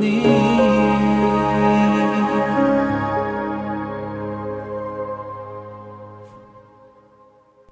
你。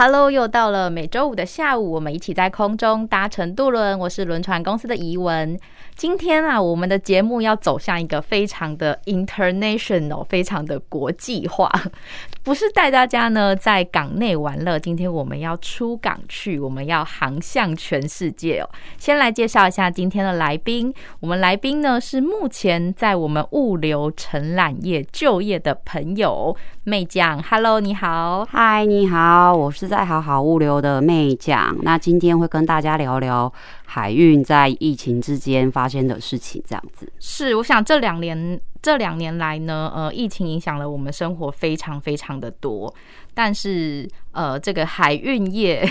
Hello，又到了每週五的下午，我們一起在空中搭乘渡輪。我是輪船公司的怡文。今天啊，我們的節目要走向一個非常的 international，非常的國際化， 不是帶大家呢在港內玩樂。今天我們要出港去，我們要航向全世界哦。先來介紹一下今天的來賓，我們來賓呢是目前在我們物流承攬業就業的朋友，妹匠。Hello，你好，嗨，你好，我是在好好物流的妹匠。那今天會跟大家聊聊。海運在疫情之間發生的事情，這樣子。是，我想這兩年這兩年來呢，呃，疫情影響了我們生活非常非常的多，但是呃，這個海運業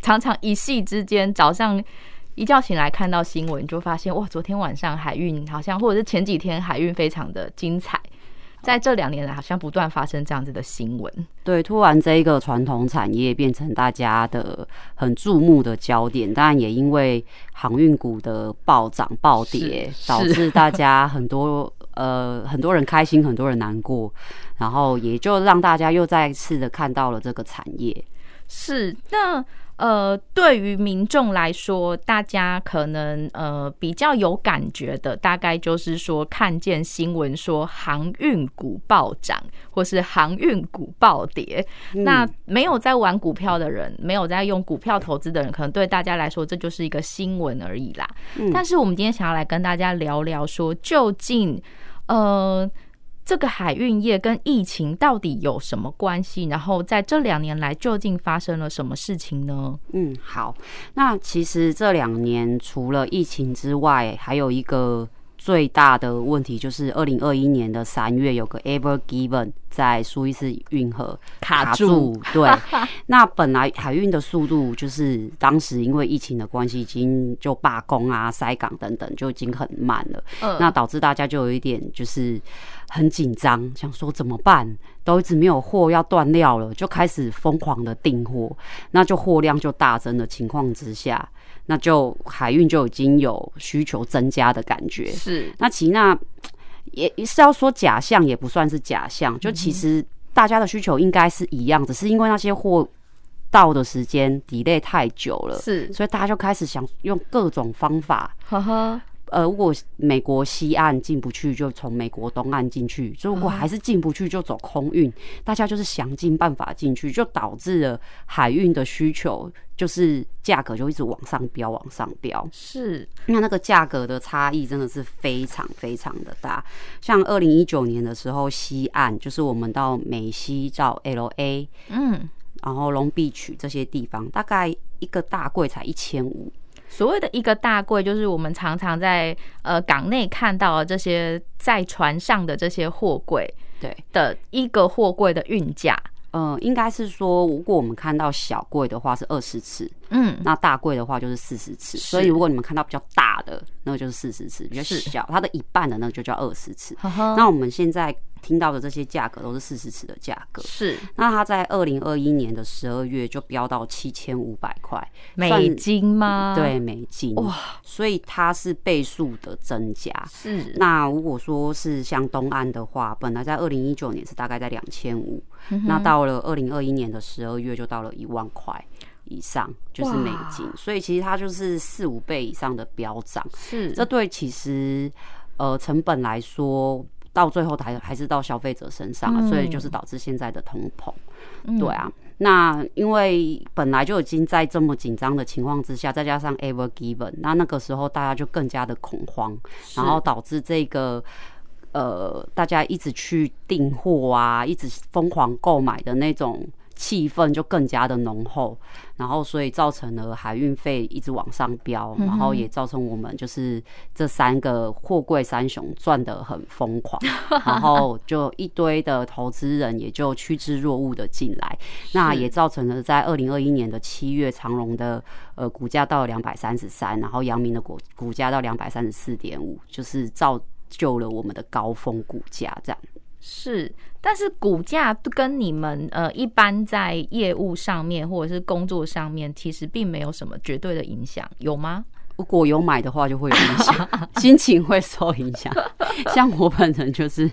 常常一夕之間，早上一覺醒來看到新聞，就發現哇，昨天晚上海運好像，或者是前幾天海運非常的精彩。在這兩年來，好像不斷發生這樣子的新聞。對，突然這一個傳統產業變成大家的很注目的焦點，當然也因為航運股的暴漲暴跌，導致大家很多 呃很多人開心，很多人難過，然後也就讓大家又再一次的看到了這個產業。是那。呃，對於民眾來說，大家可能呃比較有感覺的，大概就是說看見新聞說航運股暴漲，或是航運股暴跌，嗯。那沒有在玩股票的人，沒有在用股票投資的人，可能對大家來說這就是一個新聞而已啦。嗯，但是我們今天想要來跟大家聊聊說，究竟呃。這個海運業跟疫情到底有什麼關係？然後在這兩年來，究竟發生了什麼事情呢？嗯，好，那其實這兩年除了疫情之外，還有一個。最大的問題就是，二零二一年的三月有個 Ever Given 在蘇伊士運河卡住。對 那本來海運的速度就是當時因為疫情的關係，已經就罷工啊、塞港等等，就已經很慢了，嗯。那導致大家就有一點就是很緊張，想說怎麼辦？都一直沒有貨，要斷料了，就開始瘋狂的訂貨，那就貨量就大增的情況之下。那就海運就已經有需求增加的感覺，是。那其那也也是要說假象，也不算是假象，嗯，就其實大家的需求應該是一樣，只是因為那些貨到的時間 delay 太久了，是，所以大家就開始想用各種方法，呵呵。呃，如果美國西岸進不去，就從美國東岸進去；如果還是進不去，就走空運。Oh. 大家就是想盡辦法進去，就導致了海運的需求，就是價格就一直往上飆，往上飆。是，那那個價格的差異真的是非常非常的大。像二零一九年的時候，西岸就是我們到美西，到 LA，嗯、mm.，然後 Long Beach 這些地方，大概一個大櫃才一千五。所謂的一個大櫃，就是我們常常在呃港內看到的這些在船上的這些貨櫃，對的一個貨櫃的運價，嗯，應該是說，如果我們看到小櫃的話是二十尺，嗯，那大櫃的話就是四十尺。所以如果你們看到比較大的，那個就是四十尺，比較小，它的一半的那就叫二十尺。那我們現在。聽到的這些價格都是四十尺的價格，是。那它在二零二一年的十二月就飆到七千五百塊美金嗎？對，美金哇，所以它是倍數的增加。是。那如果說是像東岸的話，本來在二零一九年是大概在兩千五，那到了二零二一年的十二月就到了一萬塊以上，就是美金。所以其實它就是四五倍以上的飆漲。是。這對其實呃成本來說。到最後，還還是到消費者身上，所以就是導致現在的通膨。對啊，那因為本來就已經在這麼緊張的情況之下，再加上 Ever Given，那那個時候大家就更加的恐慌，然後導致這個呃，大家一直去訂貨啊，一直瘋狂購買的那種。氣氛就更加的濃厚，然後所以造成了海運費一直往上飆、嗯，然後也造成我們就是這三個貨櫃三雄賺得很瘋狂，然後就一堆的投資人也就趨之若鶩的進來， 那也造成了在二零二一年的七月長的，長榮的呃股價到了兩百三十三，然後陽明的股股價到兩百三十四點五，就是造就了我們的高峰股價這樣。是。但是股價跟你們呃一般在業務上面或者是工作上面，其實並沒有什麼絕對的影響，有嗎？如果有買的話，就會有影響， 心情會受影響。像我本人就是，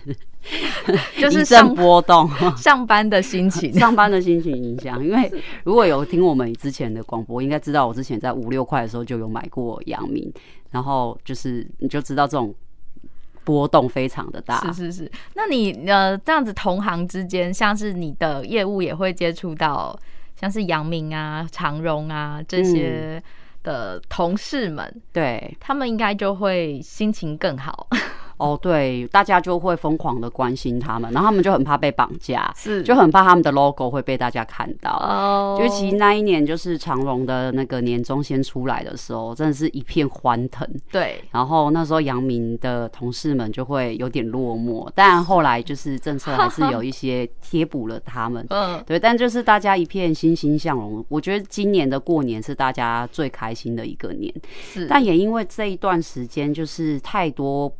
就是上笑一陣波動。上班的心情， 上班的心情影響。因為如果有聽我們之前的廣播， 應該知道我之前在五六塊的時候就有買過陽明，然後就是你就知道這種。波動非常的大，是是是。那你呃這樣子，同行之間，像是你的業務也會接觸到，像是陽明啊、長榮啊這些的同事們，嗯、對，他們應該就會心情更好。哦、oh，對，大家就會瘋狂的關心他們，然後他們就很怕被綁架，是就很怕他們的 logo 會被大家看到。哦，尤其那一年就是長榮的那個年終先出來的時候，真的是一片歡騰。對，然後那時候陽明的同事們就會有點落寞，但後來就是政策還是有一些貼補了他們。嗯， 對，但就是大家一片欣欣向榮。我覺得今年的過年是大家最開心的一個年，是，但也因為這一段時間就是太多。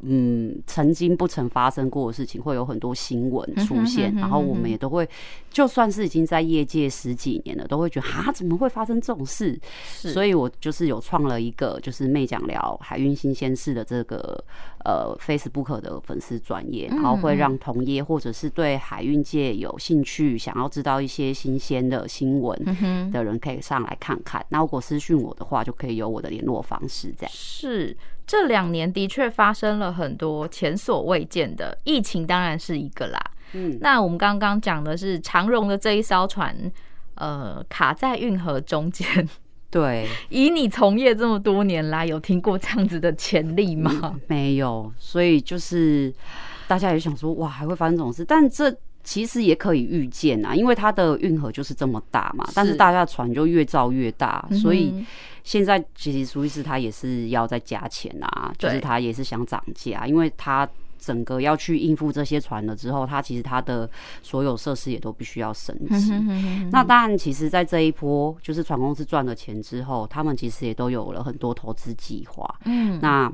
嗯，曾經不曾發生過的事情，會有很多新聞出現，然後我們也都會，就算是已經在業界十幾年了，都會覺得啊，怎麼會發生這種事？所以我就是有創了一個，就是妹講聊海運新鮮事的這個呃，Facebook 的粉絲專頁，然後會讓同業或者是對海運界有興趣，想要知道一些新鮮的新聞的人，可以上來看看。那如果私訊我的話，就可以有我的聯絡方式這樣是。這兩年的確發生了很多前所未見的疫情，當然是一個啦。嗯，那我們剛剛講的是長榮的這一艘船，呃，卡在運河中間。對，以你從業這麼多年來，有聽過這樣子的前例嗎？嗯、沒有，所以就是大家也想說，哇，還會發生這種事？但這其實也可以預見啊，因為它的運河就是這麼大嘛，是，但是大家的船就越造越大，嗯、所以。現在其實蘇伊士他也是要再加錢啊，就是他也是想漲價，因為他整個要去應付這些船了之後，他其實他的所有設施也都必須要升級。 那當然，其實，在這一波就是船公司賺了錢之後，他們其實也都有了很多投資計劃。嗯，那。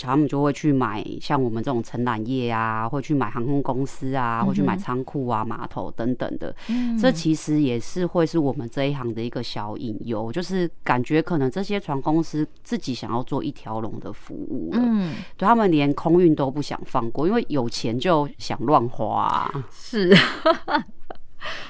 他們就會去買像我們這種承攬業啊，會去買航空公司啊，會去買倉庫啊、碼頭等等的。嗯，這其實也是會是我們這一行的一個小隱憂，就是感覺可能這些船公司自己想要做一條龍的服務，嗯，對，他們連空運都不想放過，因為有錢就想亂花啊。是，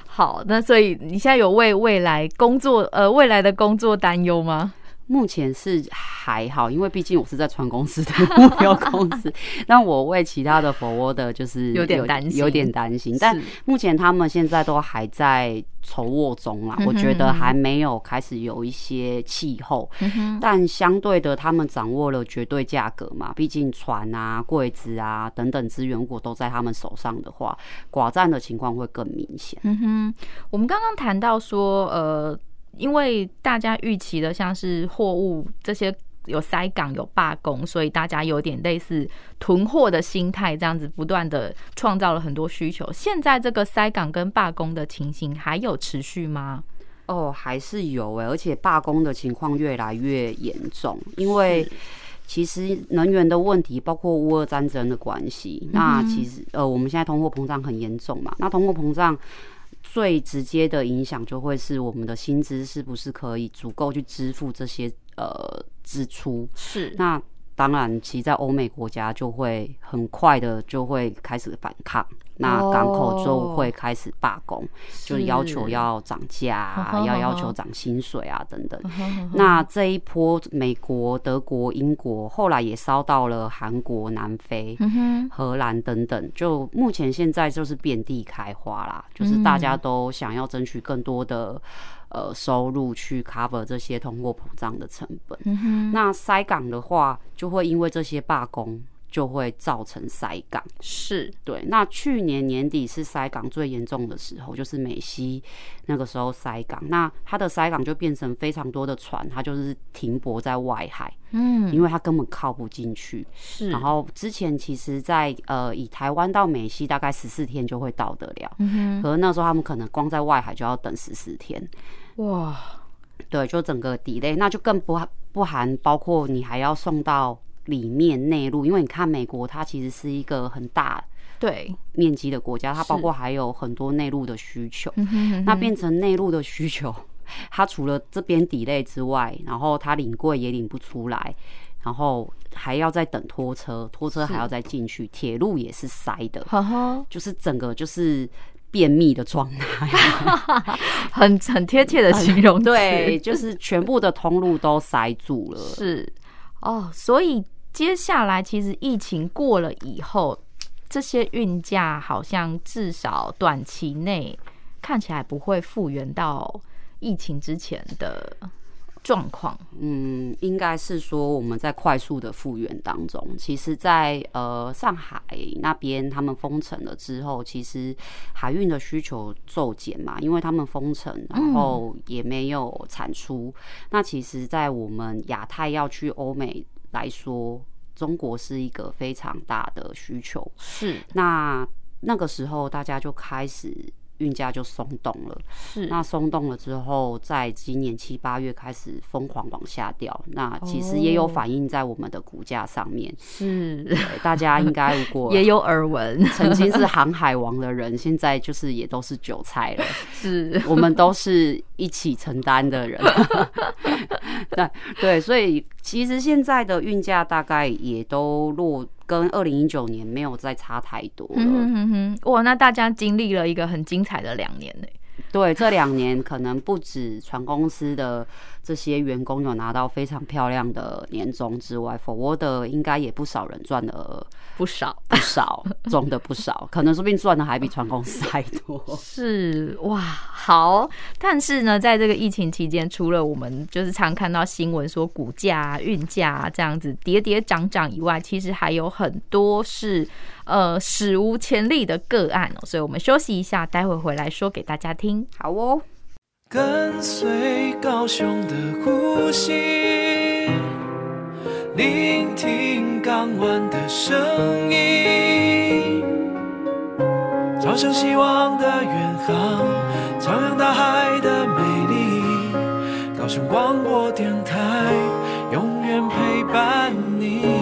好。那所以你現在有為未來工作，呃，未來的工作擔憂嗎？目前是還好，因為畢竟我是在船公司的目標公司， 但我為其他的 forwarder 的，就是有,有點擔心，有點擔心。但目前他們現在都還在籌握中嘛，我覺得還沒有開始有一些氣候嗯哼嗯哼。但相對的，他們掌握了絕對價格嘛，畢、嗯、竟船啊、櫃子啊等等資源如果都在他們手上的話，寡占的情況會更明顯。嗯哼，我們剛剛談到說，呃。因為大家預期的像是貨物這些有塞港、有罷工，所以大家有點類似囤貨的心態，這樣子不斷的創造了很多需求。現在這個塞港跟罷工的情形還有持續嗎？哦，還是有誒、欸。而且罷工的情況越來越嚴重，因為其實能源的問題，包括烏俄戰爭的關係，那其實呃我們現在通貨膨脹很嚴重嘛，那通貨膨脹。最直接的影響就會是我們的薪資是不是可以足夠去支付這些呃支出？是那。當然，其實在歐美國家就會很快的就會開始反抗，oh, 那港口就會開始罷工，是就是要求要漲價、啊，oh, oh, oh. 要要求漲薪水啊等等。Oh, oh, oh, oh. 那這一波，美國、德國、英國後來也燒到了韓國、南非、荷蘭等等，mm -hmm. 就目前現在就是遍地開花啦，mm -hmm. 就是大家都想要爭取更多的。呃，收入，去 cover 這些通貨膨脹的成本。Mm-hmm. 那塞港的話，就會因為這些罷工，就會造成塞港。是對。那去年年底是塞港最嚴重的時候，就是美西那個時候塞港。那它的塞港就變成非常多的船，它就是停泊在外海。嗯、Mm-hmm. 因為它根本靠不進去。是。然後之前其實在，在呃，以台灣到美西大概十四天就會到得了。嗯哼。可那時候他們可能光在外海就要等十四天。哇，對，就整個 delay，那就更不含不含，包括你還要送到裡面內陸，因為你看美國，它其實是一個很大對面積的國家，它包括還有很多內陸的需求。那變成內陸的需求，它除了這邊 delay 之外，然後它領櫃也領不出來，然後還要再等拖車，拖車還要再進去，鐵路也是塞的，就是整個就是。便祕的狀態 很很貼切的形容， 很容詞，對，就是全部的通路都塞住了。 是哦，所以接下來其實疫情過了以後，這些運價好像至少短期內看起來不會復原到疫情之前的狀況，嗯，應該是說我們在快速的復原當中。其實在，在呃上海那邊，他們封城了之後，其實海運的需求驟減嘛，因為他們封城，然後也沒有產出。嗯、那其實，在我們亞太要去歐美來說，中國是一個非常大的需求。是，那那個時候大家就開始。運價就鬆動了，是那鬆動了之後，在今年七八月開始瘋狂往下掉。那其實也有反映在我們的股價上面，哦呃、是大家應該如果也有耳聞，曾經是航海王的人， 現在就是也都是韭菜了，是我們都是一起承擔的人， 對，所以其實現在的運價大概也都落。跟二零一九年沒有再差太多了。嗯哼，哼哼，哇！那大家經歷了一個很精彩的兩年呢、欸。 對，這兩年可能不止船公司的這些員工有拿到非常漂亮的年終之外，Forwarder 不少 應該也不少人賺了。不少，不少中的不少，可能說不定賺的還比船公司還多。 是哇，好。但是呢，在這個疫情期間，除了我們就是常看到新聞說股價、啊、運價、啊、這樣子跌跌漲漲以外，其實還有很多是。呃，史無前例的個案哦，所以我們休息一下待會回來說給大家聽好哦。跟隨高雄的呼吸，聆聽港灣的聲音，朝向希望的遠航，朝向大海的美麗，高雄廣播電台永遠陪伴你。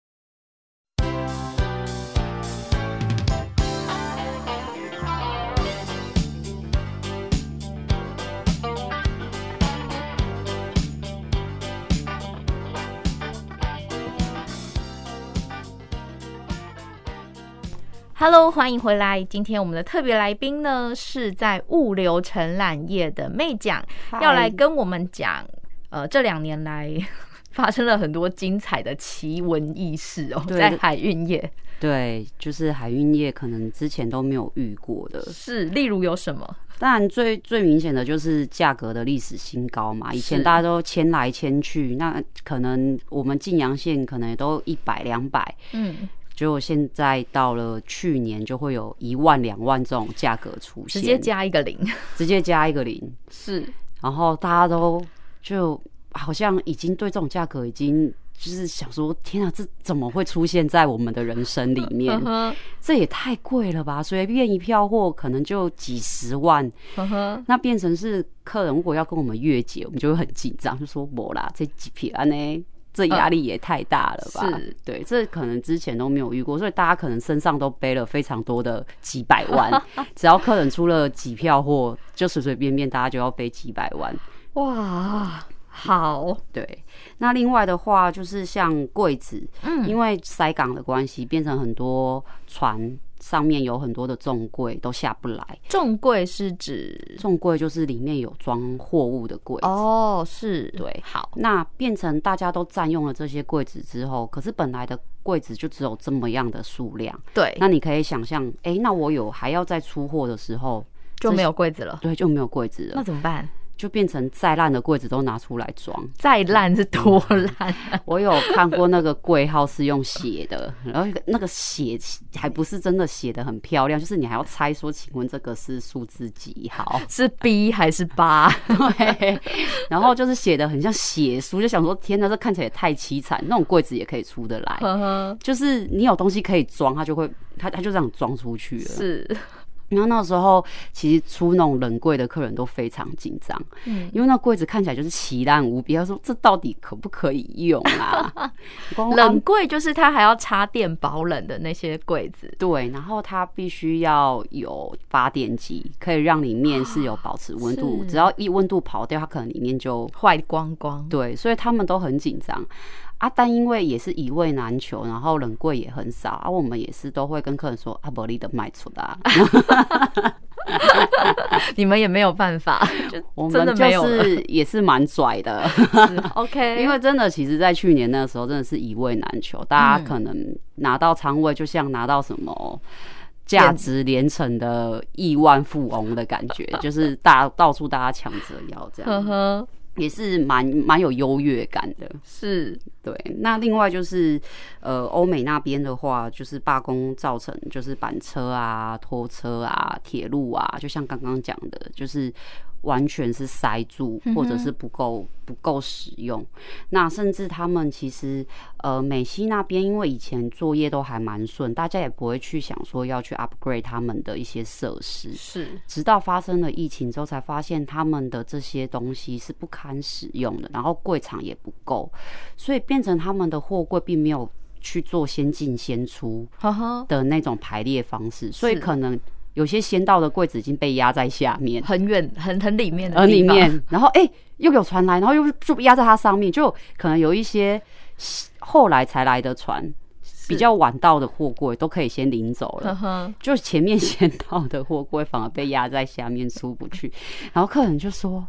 Hello，歡迎回來。今天我們的特別來賓呢，是在物流承攬業的妹講，要來跟我們講，呃，這兩年來發生了很多精彩的奇聞異事哦，在海運業。對，就是海運業可能之前都沒有遇過的是，例如有什麼？當然，最最明顯的就是價格的歷史新高嘛。以前大家都千來千去，那可能我們近洋線可能也都一百兩百，嗯。就現在到了去年，就會有一萬兩萬這種價格出現，直接加一個零，直接加一個零是。然後大家都就好像已經對這種價格已經就是想說，天啊，這怎麼會出現在我們的人生裡面？ 呵呵這也太貴了吧！隨便一票貨可能就幾十萬， 那變成是客人如果要跟我們月結，我們就會很緊張，就說沒啦，這幾票安呢。這壓力也太大了吧？嗯，是對，這可能之前都沒有遇過，所以大家可能身上都背了非常多的幾百萬，只要客人出了幾票貨，就隨隨便便大家就要背幾百萬。哇，好，對。那另外的話，就是像櫃子，因為塞港的關係，變成很多船。上面有很多的重櫃都下不來，重櫃是指重櫃就是裡面有裝貨物的櫃哦，是，對，好，那變成大家都占用了這些櫃子之後，可是本來的櫃子就只有這麼樣的數量，對，那你可以想象，誒，那我有還要再出貨的時候就沒有櫃子了，對，就沒有櫃子了，那怎麼辦？就變成再爛的櫃子都拿出來裝。嗯，再爛是多爛？啊？我有看過那個櫃號是用寫的，然後那個寫還不是真的寫得很漂亮，就是你還要猜說，請問這個是數字幾號？是 B 還是八？ 對。然後就是寫得很像血書，就想說天哪，這看起來也太凄慘，那種櫃子也可以出得來。就是你有東西可以裝，它就會它它就這樣裝出去了。是。然後那時候，其實出那種冷櫃的客人都非常緊張，嗯，因為那櫃子看起來就是奇爛無比。他說：“這到底可不可以用啊 ？”冷櫃就是他還要插電保冷的那些櫃子。對，然後它必須要有發電機，可以讓裡面是有保持溫度。只要一溫度跑掉，它可能裡面就壞光光。對，所以他們都很緊張。阿、啊、丹因為也是一位難求，然後冷櫃也很少，啊，我們也是都會跟客人說阿伯利的賣出的 你們也沒有辦法，我真的沒有，也是蠻拽的 ，OK。因為真的，其實在去年那個時候，真的是一位難求，大家可能拿到倉位，就像拿到什麼價值連城的億萬富翁的感覺，就是大到處大家搶着要這樣。也是蠻蠻有優越感的，是，對。那另外就是，呃，歐美那邊的話，就是罷工造成，就是板車啊、拖車啊、鐵路啊，就像剛剛講的，就是。完全是塞住，或者是不夠不夠使用，嗯。那甚至他們其實，呃，美西那邊因為以前作業都還蠻順，大家也不會去想說要去 upgrade 他們的一些設施。是，直到發生了疫情之後，才發現他們的這些東西是不堪使用的，然後櫃場也不夠，所以變成他們的貨櫃並沒有去做先進先出的那種排列方式，所以可能。有些先到的櫃子已經被壓在下面，很遠、很很裡面的很裡面。然後誒、欸，又有船來，然後又就壓在它上面，就可能有一些後來才來的船，比較晚到的貨櫃都可以先領走了。是。就前面先到的貨櫃反而被壓在下面出不去， 然後客人就說。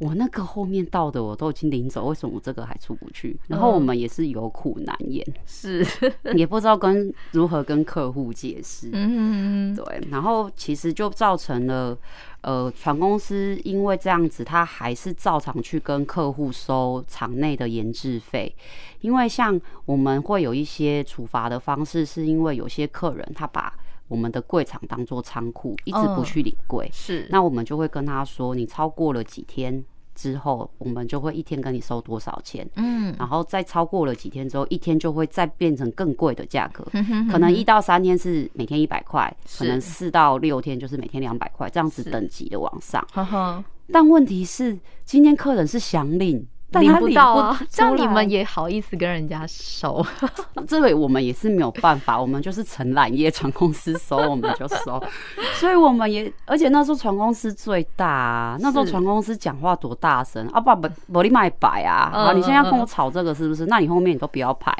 我那個後面到的我都已經領走，為什麼我這個還出不去？然後我們也是有苦難言，是、嗯、也不知道跟如何跟客戶解釋。嗯哼哼哼，對。然後其實就造成了，呃，船公司因為這樣子，他還是照常去跟客戶收場內的延滯費。因為像我們會有一些處罰的方式，是因為有些客人他把我們的櫃場當做倉庫，一直不去領櫃，是、嗯、那我們就會跟他說，嗯、你超過了幾天。之後，我們就會一天跟你收多少錢，嗯，然後再超過了幾天之後，一天就會再變成更貴的價格，可能一到三天是每天一百塊，可能四到六天就是每天兩百塊，這樣子等級的往上，但問題是，今天客人是想領。但他不，領不到啊！這樣你們也好意思跟人家收？ 這回我們也是沒有辦法，我們就是承攬業船公司收，我們就收。 所以我們也，而且那時候船公司最大、啊，那時候船公司講話多大聲！阿爸、啊、不，保利買牌啊！你現在要跟我吵這個是不是、嗯？那你後面你都不要排，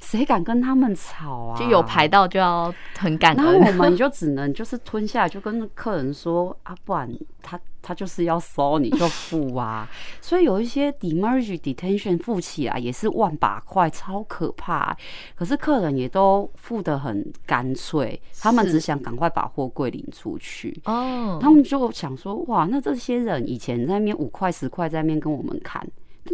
誰敢跟他們吵啊？就有排到就要很感恩，那我們就只能就是吞下來，就跟客人說：阿 爸、啊、他。他就是要收，你就付啊， 所以有一些 demerge detention 付起來也是萬把塊，超可怕。可是客人也都付得很乾脆，他們只想趕快把貨櫃領出去。哦，他們就想說，哇，那這些人以前在那邊五塊十塊在那邊跟我們砍。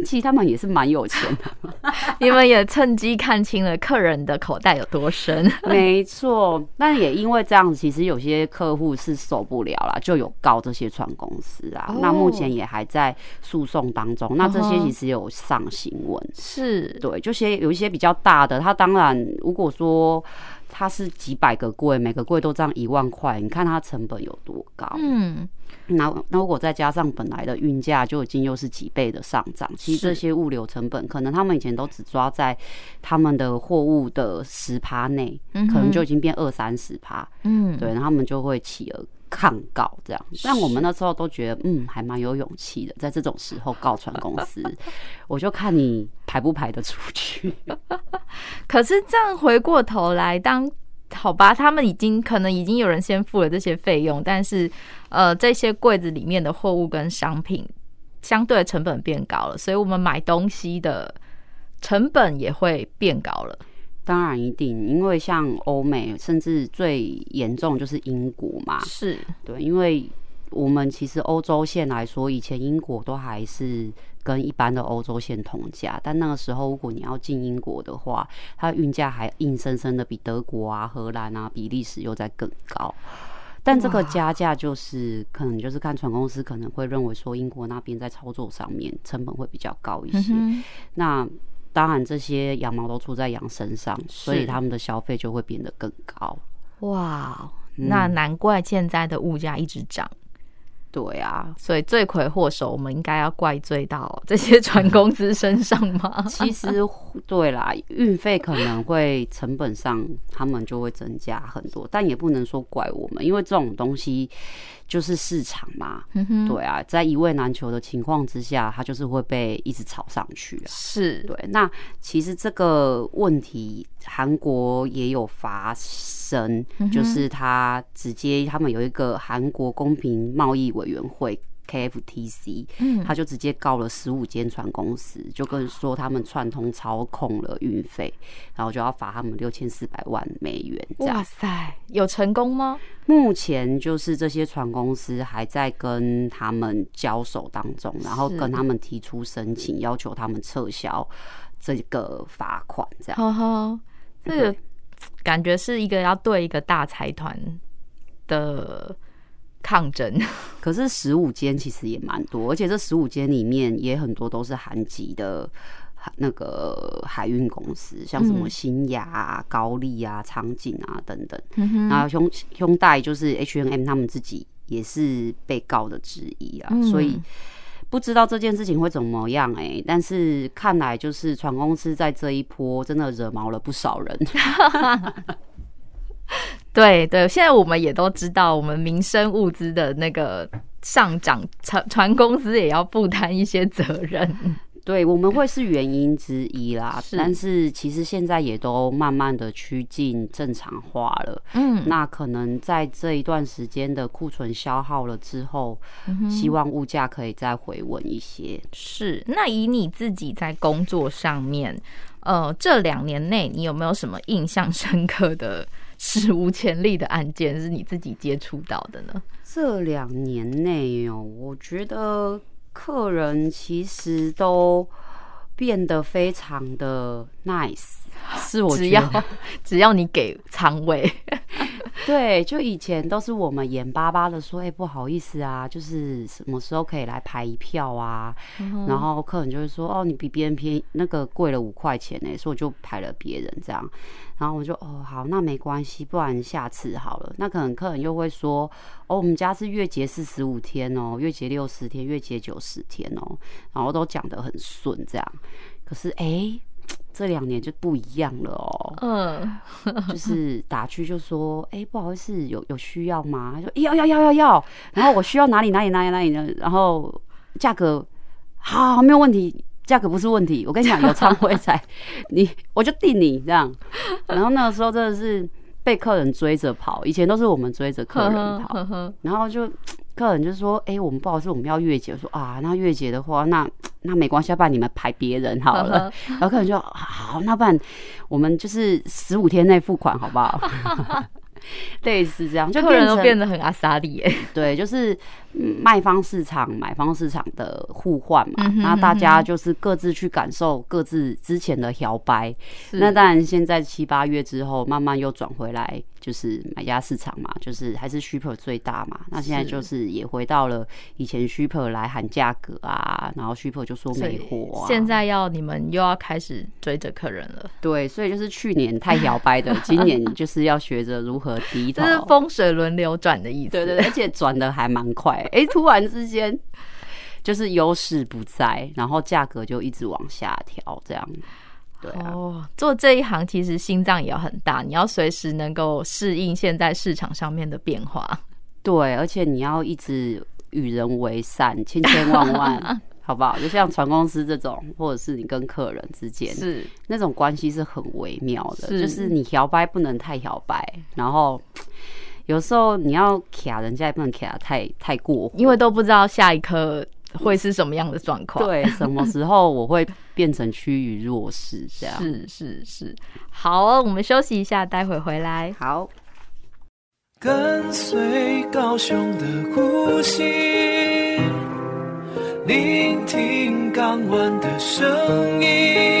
其實他們也是蠻有錢的 ，你們也趁機看清了客人的口袋有多深。 沒錯，但也因為這樣子，其實有些客戶是受不了了，就有告這些船公司啊、哦。那目前也還在訴訟當中。那這些其實有上新聞，是、哦、對，就些有一些比較大的。他當然如果說。它是幾百個櫃，每個櫃都這樣一萬塊，你看它成本有多高。嗯，那那如果再加上本來的運價，就已經又是幾倍的上漲。其實這些物流成本，可能他們以前都只抓在他們的貨物的十趴內，嗯可能就已經變二三十趴，嗯，嗯、對，他們就會企鵝。抗告這樣，但我們那時候都覺得，嗯，還蠻有勇氣的，在這種時候告船公司， 我就看你排不排得出去 。可是這樣回過頭來，當好吧，他們已經可能已經有人先付了這些費用，但是呃，這些櫃子裡面的貨物跟商品相對成本變高了，所以我們買東西的成本也會變高了。當然一定，因為像歐美，甚至最嚴重就是英國嘛。是對，因為我們其實歐洲線來說，以前英國都還是跟一般的歐洲線同價，但那個時候如果你要進英國的話，它運價還硬生生的比德國啊、荷蘭啊、比利時又再更高。但這個加價就是可能就是看船公司可能會認為說英國那邊在操作上面成本會比較高一些、嗯。那當然，這些羊毛都出在羊身上，所以他們的消費就會變得更高。哇、wow, 嗯，那難怪現在的物價一直漲。對啊，所以罪魁禍首我們應該要怪罪到這些船公司身上嗎？ 其實，對啦，運費可能會成本上他們就會增加很多， 但也不能說怪我們，因為這種東西。就是市場嘛，對啊，在一位難求的情況之下，它就是會被一直炒上去啊。是對。那其實這個問題韓國也有發生，就是他直接他們有一個韓國公平貿易委員會。KFTC，他就直接告了十五間船公司，就跟說他們串通操控了運費，然後就要罰他們六千四百萬美元。哇塞，有成功嗎？目前就是這些船公司還在跟他們交手當中，然後跟他們提出申請，要求他們撤銷這個罰款。這樣呵呵呵，這個感覺是一個要對一個大財團的。抗爭，可是十五間其實也蠻多，而且這十五間裡面也很多都是韓籍的，那個海運公司，像什麼新雅、啊、高麗啊、昌景啊等等。嗯、然後胸胸袋就是 H N M，他們自己也是被告的之一啊、嗯，所以不知道這件事情會怎麼樣哎、欸。但是看來就是船公司在這一波真的惹毛了不少人。 對對，現在我們也都知道，我們民生物資的那個上漲，船船公司也要負擔一些責任。對，我們會是原因之一啦。但是其實現在也都慢慢的趨近正常化了。嗯，那可能在這一段時間的庫存消耗了之後，嗯，希望物價可以再回穩一些。是。那以你自己在工作上面，呃，這兩年內你有沒有什麼印象深刻的？史無前例的案件是你自己接觸到的呢？這兩年內哦，我覺得客人其實都變得非常的 nice，是，我只要 只要你給倉位。 對，就以前都是我們眼巴巴的說，哎、欸，不好意思啊，就是什麼時候可以來排一票啊？嗯、然後客人就會說，哦，你比別人偏那個貴了五塊錢呢，所以我就排了別人這樣。然後我就，哦，好，那沒關係，不然下次好了。那可能客人又會說，哦，我們家是月結四十五天哦，月結六十天，月結九十天哦，然後都講得很順這樣。可是，哎、欸。這兩年就不一樣了哦，嗯，就是打去，就說，哎，不好意思，有有需要嗎？他說要要要要要，然後我需要哪裡哪裡哪裡哪裡呢？然後價格好沒有問題，價格不是問題，我跟你講有艙位才你我就訂你這樣，然後那個時候真的是被客人追着跑，以前都是我們追着客人跑，然後就。客人就說：“哎、欸，我們不好意思，我們要月結。”我說：“啊，那月結的話，那那沒關係，要不然你們排別人好了。好好”然後客人就好，那不然我們就是十五天內付款，好不好？” 對是這樣，就客人都變得很阿莎力耶、欸，對，就是。嗯、賣方市場、買方市場的互換嘛，嗯哼嗯哼，那大家就是各自去感受各自之前的搖擺。那當然，現在七八月之後，慢慢又轉回來，就是買家市場嘛，就是還是 super 最大嘛。那現在就是也回到了以前 super 來喊價格啊，然後 super 就說沒貨啊。現在要你們又要開始追着客人了。對，所以就是去年太搖擺的， 今年就是要學着如何低頭。 這是風水輪流轉的意思，對對對，而且轉的還蠻快。 哎、 欸，突然之間就是優勢不在，然後價格就一直往下調，這樣。對哦、啊，oh, 做這一行其實心臟也要很大，你要隨時能夠適應現在市場上面的變化。對，而且你要一直與人為善，千千萬萬， 好不好？就像船公司這種，或者是你跟客人之間，是 那種關係是很微妙的，是就是你搖擺不能太搖擺，然後。有時候你要卡人家，也不能卡太太過火，因為都不知道下一刻會是什麼樣的狀況。 對，什麼時候我會變成趨於弱勢這樣是？是是是，好哦，我們休息一下，待會回來。好，跟隨高雄的呼吸，聆聽港灣的聲音。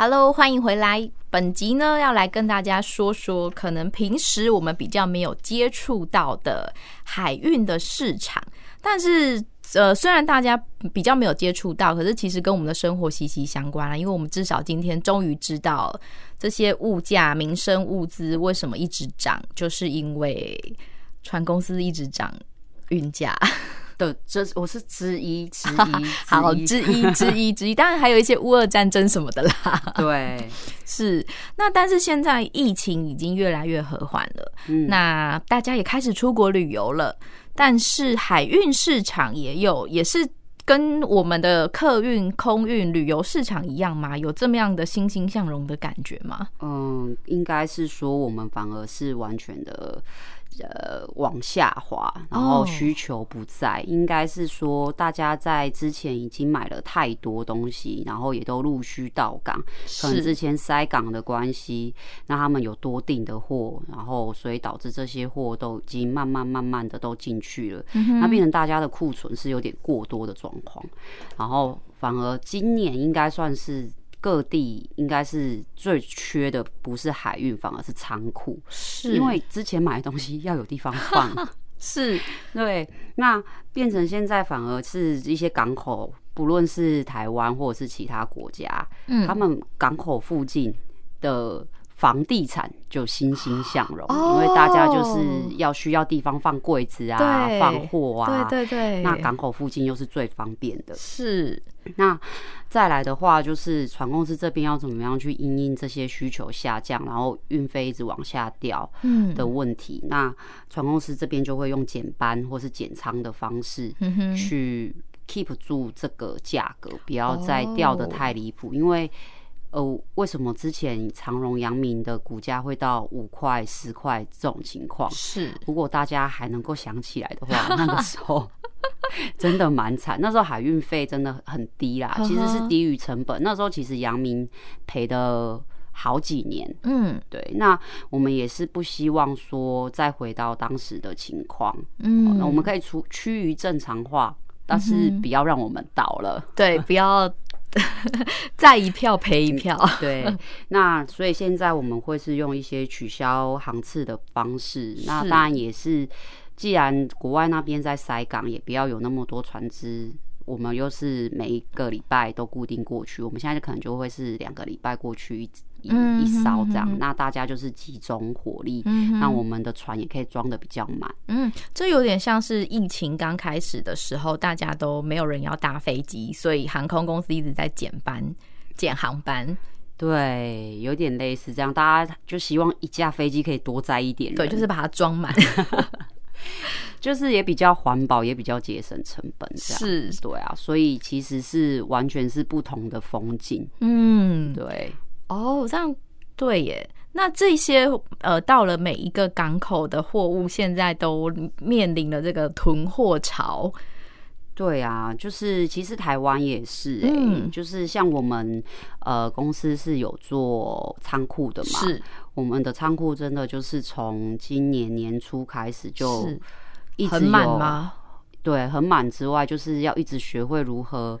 Hello，歡迎回來。本集呢，要來跟大家說說，可能平時我們比較沒有接觸到的海運的市場。但是，呃，雖然大家比較沒有接觸到，可是其實跟我們的生活息息相關了。因為我們至少今天終於知道，這些物價、民生物資為什麼一直漲，就是因為船公司一直漲運價。的，這是我是之一之一， 好之一之一之一，當然還有一些烏俄戰爭什麼的啦 對。對，是那但是現在疫情已經越來越和緩了，嗯，那大家也開始出國旅遊了，但是海運市場也有，也是跟我們的客運、空運、旅遊市場一樣嗎？有這麼樣的欣欣向榮的感覺嗎？嗯，應該是說我們反而是完全的。呃，往下滑，然後需求不在，Oh. 應該是說大家在之前已經買了太多東西，然後也都陸續到港，可能之前塞港的關係，那他們有多訂的貨，然後所以導致這些貨都已經慢慢慢慢的都進去了，Mm-hmm. 那變成大家的庫存是有點過多的狀況，然後反而今年應該算是。各地應該是最缺的不是海運，反而是倉庫，是因為之前買的東西要有地方放， 是，對。那變成現在反而是一些港口，不論是台灣或者是其他國家，嗯，他們港口附近的房地產就欣欣向榮，哦，因為大家就是要需要地方放櫃子啊、放貨啊，對對對。那港口附近又是最方便的，是那。再來的話，就是船公司這邊要怎麼樣去因應這些需求下降，然後運費一直往下掉的問題？那船公司這邊就會用減班或是減艙的方式去 keep 住這個價格，不要再掉得太離譜，因為。呃，為什麼之前長榮、陽明的股價會到五塊、十塊這種情況？是，如果大家還能夠想起來的話， 那個時候真的蠻慘。 那時候海運費真的很低啦，uh -huh. 其實是低於成本。那時候其實陽明賠的好幾年。嗯，對。那我們也是不希望說再回到當時的情況。嗯、哦，那我們可以處，趨於正常化，但是不要讓我們倒了。 對，不要。 再一票賠一票 對，那所以現在我們會是用一些取消航次的方式， 那當然也是，既然國外那邊在塞港，也不要有那麼多船只。我們又是每一個禮拜都固定過去，我們現在可能就會是兩個禮拜過去一一一艘這樣、嗯哼哼哼，那大家就是集中火力，那、嗯、我們的船也可以裝的比較滿。嗯，這有點像是疫情剛開始的時候，大家都沒有人要搭飛機，所以航空公司一直在減班、減航班。對，有點類似這樣，大家就希望一架飛機可以多載一點人，對，就是把它裝滿。 就是也比較環保，也比較節省成本這樣，是對啊，所以其實是完全是不同的風景，嗯，對，哦，這樣對耶，那這些呃，到了每一個港口的貨物，現在都面臨了這個囤貨潮。對啊，就是其實台灣也是誒、欸嗯，就是像我們呃公司是有做倉庫的嘛，是我們的倉庫真的就是從今年年初開始就一直滿嗎？對，很滿之外，就是要一直學會如何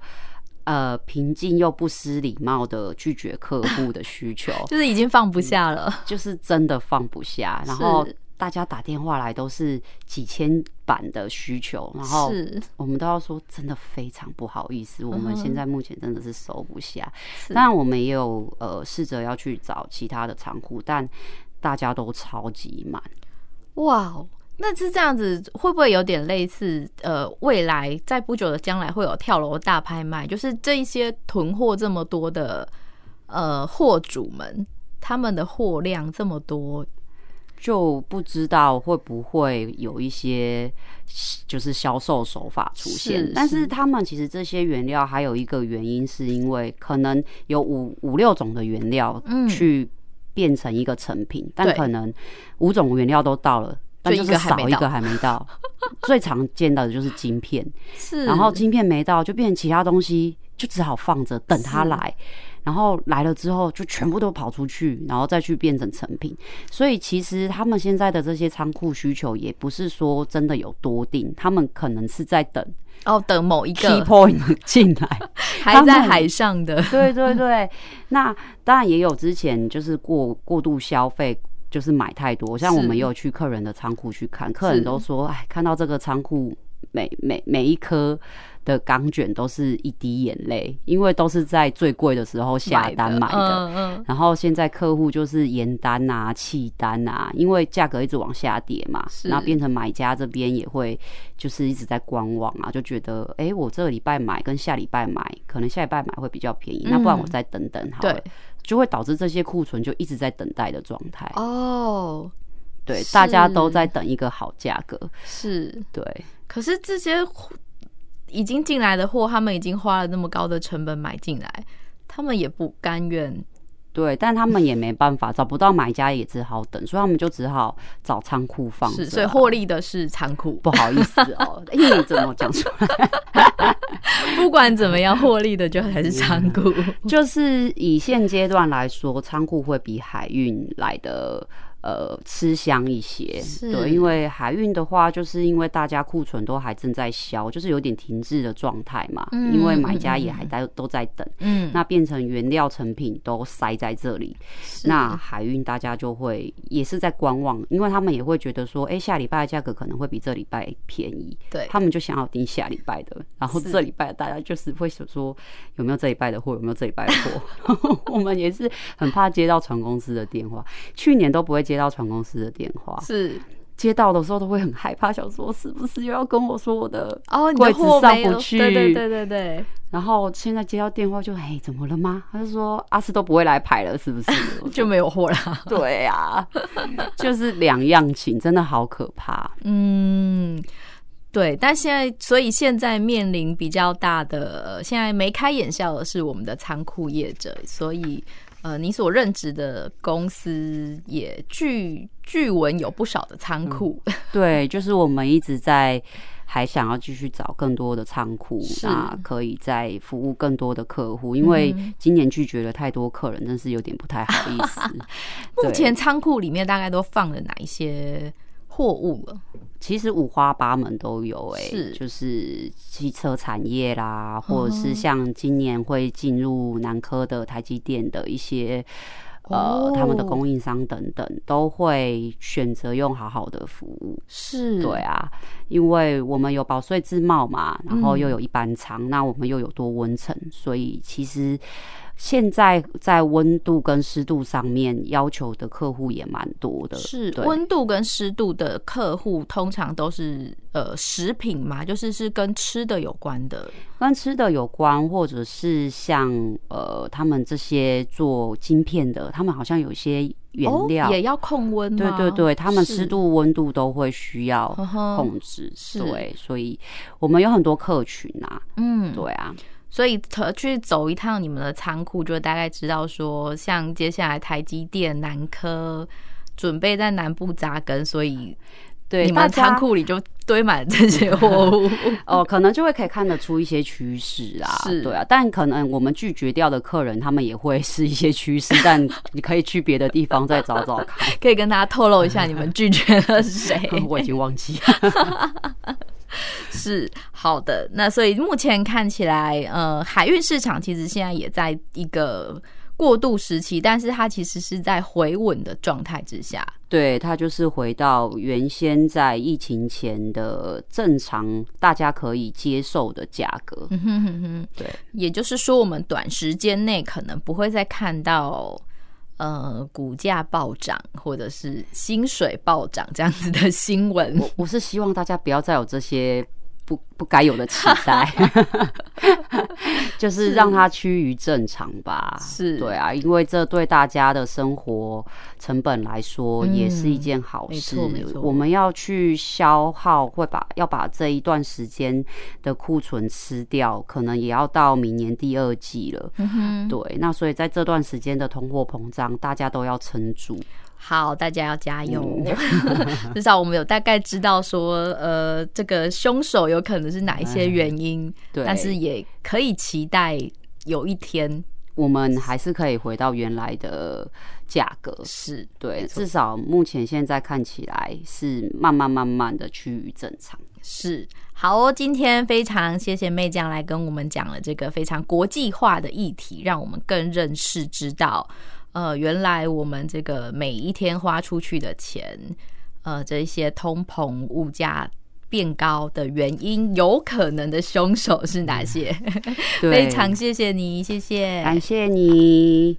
呃平靜又不失禮貌的拒絕客戶的需求， 就是已經放不下了，嗯，就是真的放不下，然後。大家打電話來都是幾千版的需求，然後我們都要說真的非常不好意思，我們現在目前真的是收不下。當然，我們也有呃試着要去找其他的倉庫，但大家都超級滿。哇哦，那是這樣子，會不會有點類似，呃，未來在不久的將來會有跳樓大拍賣？就是這一些囤貨這麼多的呃貨主們，他們的貨量這麼多。就不知道會不會有一些就是銷售手法出現，是、是但是他們其實這些原料還有一個原因，是因為可能有五五六種的原料，去變成一個成品，嗯，但可能五種原料都到了，但就是少一個還沒到， 一個還沒到，最常見到的就是晶片，是，然後晶片沒到就變成其他東西，就只好放着等它來。然後來了之後就全部都跑出去，然後再去變成成品。所以其實他們現在的這些倉庫需求也不是說真的有多定，他們可能是在等哦，等某一個 key point 進來，還在海上的。對對對，那當然也有之前就是過過度消費，就是買太多。像我們也有去客人的倉庫去看，客人都說，哎，看到這個倉庫，每每每一顆，的鋼卷都是一滴眼淚，因為都是在最貴的時候下單買的，買的然後現在客戶就是延單啊、棄單啊，嗯、因為價格一直往下跌嘛，是，那變成買家這邊也會就是一直在觀望啊，就覺得哎、欸，我這個禮拜買跟下禮拜買，可能下禮拜買會比較便宜，嗯、那不然我再等等好，對，就會導致這些庫存就一直在等待的狀態。哦，對，大家都在等一個好價格，是，對，可是這些。已經進來的貨，他們已經花了那麼高的成本買進來，他們也不甘願。對，但他們也沒辦法，找不到買家也只好等， 所以他們就只好找倉庫放、啊。是，所以獲利的是倉庫。不好意思哦，因 你、欸、怎麼講出來？ 不管怎麼樣，獲利的就還是倉庫、 嗯。就是以現階段來說，倉庫會比海運來的。呃，吃香一些，是對，因為海運的話，就是因為大家庫存都還正在銷，就是有點停滯的狀態嘛、嗯。因為買家也還在都在等，嗯，那變成原料成品都塞在這裡，是啊、那海運大家就會也是在觀望，因為他們也會覺得說，哎、欸，下禮拜的價格可能會比這禮拜便宜，對，他們就想要訂下禮拜的，然後這禮拜大家就是會想說有有，有沒有這禮拜的貨，有沒有這禮拜的貨？我們也是很怕接到船公司的電話，去年都不會接。接到船公司的電話，是接到的時候都會很害怕，想說是不是又要跟我說我的櫃子上去哦，你的貨沒了？對對對對，然後現在接到電話就哎，怎麼了嗎？他就說阿斯都不會來排了，是不是 就沒有貨了？對啊， 就是兩樣情，真的好可怕。嗯，對，但現在所以現在面臨比較大的，現在眉開眼笑的是我們的倉庫業者，所以。呃，你所任職的公司也據據聞有不少的倉庫，對，就是我們一直在還想要繼續找更多的倉庫，那可以再服務更多的客戶，因為今年拒絕了太多客人，真是有點不太好意思。 對笑目前倉庫裡面大概都放了哪一些？貨物了，其實五花八門都有誒、欸，就是汽車產業啦、嗯，或者是像今年會進入南科的台積電的一些、哦、呃他們的供應商等等，都會選擇用好好的服務，是，對啊，因為我們有保稅自貿嘛，然後又有一般倉、嗯，那我們又有多溫層，所以其實。現在在溫度跟濕度上面要求的客戶也蠻多的是，是溫度跟濕度的客戶通常都是呃食品嘛，就是是跟吃的有關的，跟吃的有關，或者是像呃他們這些做晶片的，他們好像有些原料、哦、也要控溫，對對對，他們濕度溫度都會需要控制，是對是，所以我們有很多客群啊，嗯，對啊。所以去走一趟你們的倉庫，就大概知道說，像接下來台積電、南科準備在南部紮根，所以對你，你們倉庫裡就堆滿這些貨物、物 哦，可能就會可以看得出一些趨勢啊，是，對啊，但可能我們拒絕掉的客人，他們也會是一些趨勢，但你可以去別的地方再找找看， 可以跟大家透露一下你們拒絕的是誰， 我已經忘記了。 是好的，那所以目前看起來，呃，海運市場其實現在也在一個過渡時期，但是它其實是在回穩的狀態之下，對，它就是回到原先在疫情前的正常大家可以接受的價格，嗯哼哼哼，對，也就是說，我們短時間內可能不會再看到。呃、嗯，股價暴漲，或者是薪水暴漲這樣子的新聞，我，我是希望大家不要再有這些。不不該有的期待 ， 就是讓它趨於正常吧。是，對啊，因為這對大家的生活成本來說也是一件好事。我們要去消耗，會把要把這一段時間的庫存吃掉，可能也要到明年第二季了。對。那所以在這段時間的通貨膨脹，大家都要撐住。好，大家要加油。嗯、 至少我們有大概知道說，呃，這個兇手有可能是哪一些原因，嗯、對、但是也可以期待有一天我們還是可以回到原來的價格，是對。至少目前現在看起來是慢慢慢慢的趨於正常。是，好哦，今天非常謝謝妹醬來跟我們講了這個非常國際化的議題，讓我們更認識知道。呃，原來我們這個每一天花出去的錢，呃，這些通膨、物價變高的原因，有可能的兇手是哪些？對，非常謝謝你，謝謝，感謝你。